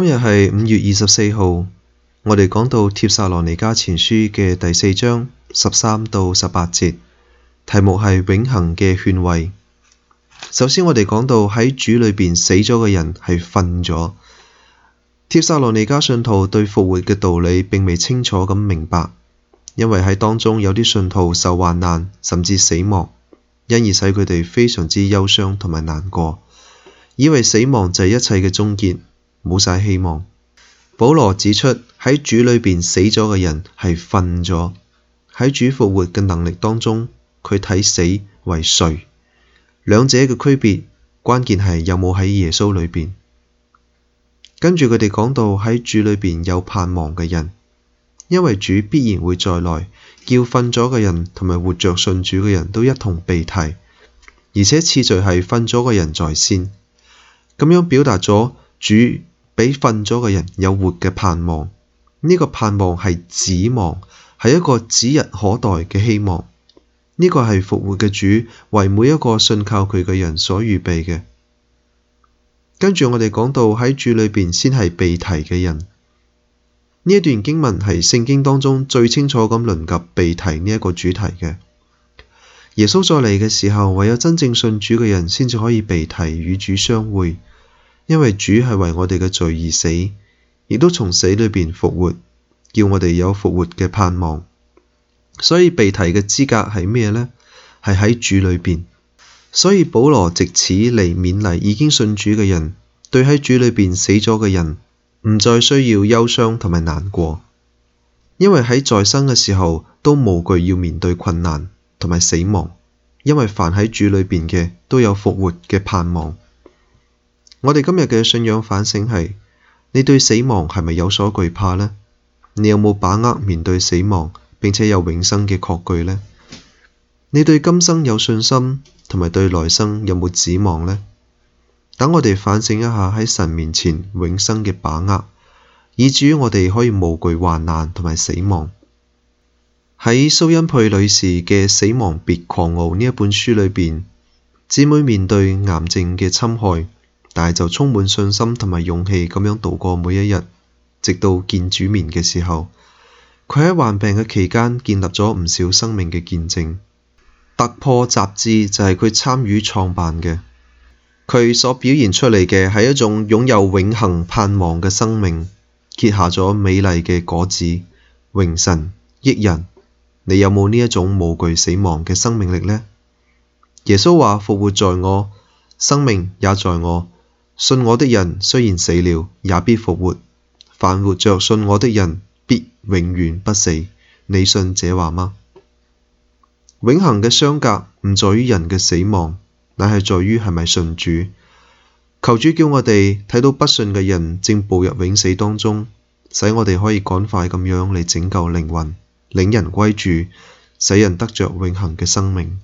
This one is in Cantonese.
今日係五月二十四號，我哋講到《帖撒羅尼迦前書》嘅第四章十三到十八節，題目係永恆嘅勸慰。首先，我哋講到喺主裏邊死咗嘅人係瞓咗。帖撒羅尼迦信徒對復活嘅道理並未清楚咁明白，因為喺當中有啲信徒受患難，甚至死亡，因而使佢哋非常之憂傷同埋難過，以為死亡就係一切嘅終結。冇晒希望。保羅指出喺主裏邊死咗嘅人係瞓咗喺主復活嘅能力當中，佢睇死為睡，兩者嘅區別關鍵係有冇喺耶穌裏邊。跟住佢哋講到喺主裏邊有盼望嘅人，因為主必然會再來，叫瞓咗嘅人同埋活着信主嘅人都一同被提，而且次序係瞓咗嘅人在先，咁樣表達咗主。畀瞓咗嘅人有活嘅盼望，呢、這個盼望係指望，係一個指日可待嘅希望。呢、這個係復活嘅主為每一個信靠佢嘅人所預備嘅。跟住我哋講到喺主裏邊先係被提嘅人，呢一段經文係聖經當中最清楚咁輪及被提呢一個主題嘅。耶穌再嚟嘅時候，唯有真正信主嘅人先至可以被提與主相會。因為主係為我哋嘅罪而死，亦都從死裏邊復活，叫我哋有復活嘅盼望。所以被提嘅資格係咩呢？係喺主裏邊。所以保羅借此嚟勉勵已經信主嘅人，對喺主裏邊死咗嘅人，唔再需要憂傷同埋難過，因為喺在生嘅時候都無懼要面對困難同埋死亡，因為凡喺主裏邊嘅都有復活嘅盼望。我哋今日嘅信仰反省係：你對死亡係咪有所懼怕呢？你有冇把握面對死亡，並且有永生嘅確據呢？你對今生有信心，同埋對來生有冇指望呢？等我哋反省一下喺神面前永生嘅把握，以至於我哋可以無懼患難同埋死亡。喺蘇恩佩女士嘅《死亡別狂傲》呢一本書裏邊，姊妹面對癌症嘅侵害。但係就充滿信心同埋勇氣咁樣度過每一日，直到見主面嘅時候，佢喺患病嘅期間建立咗唔少生命嘅見證。突破雜誌就係佢參與創辦嘅。佢所表現出嚟嘅係一種擁有永恆盼望嘅生命，結下咗美麗嘅果子，榮神益人，你有冇呢一種無懼死亡嘅生命力呢？耶穌話：復活在我，生命也在我。信我的人雖然死了，也必復活；凡活着信我的人，必永遠不死。你信這話嗎？永恒嘅相隔唔在於人嘅死亡，乃係在於係咪信主。求主叫我哋睇到不信嘅人正步入永死當中，使我哋可以趕快咁樣嚟拯救靈魂，領人歸主，使人得着永恒嘅生命。